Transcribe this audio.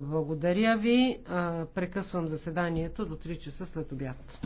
Благодаря ви. Прекъсвам заседанието до 3 часа след обяд.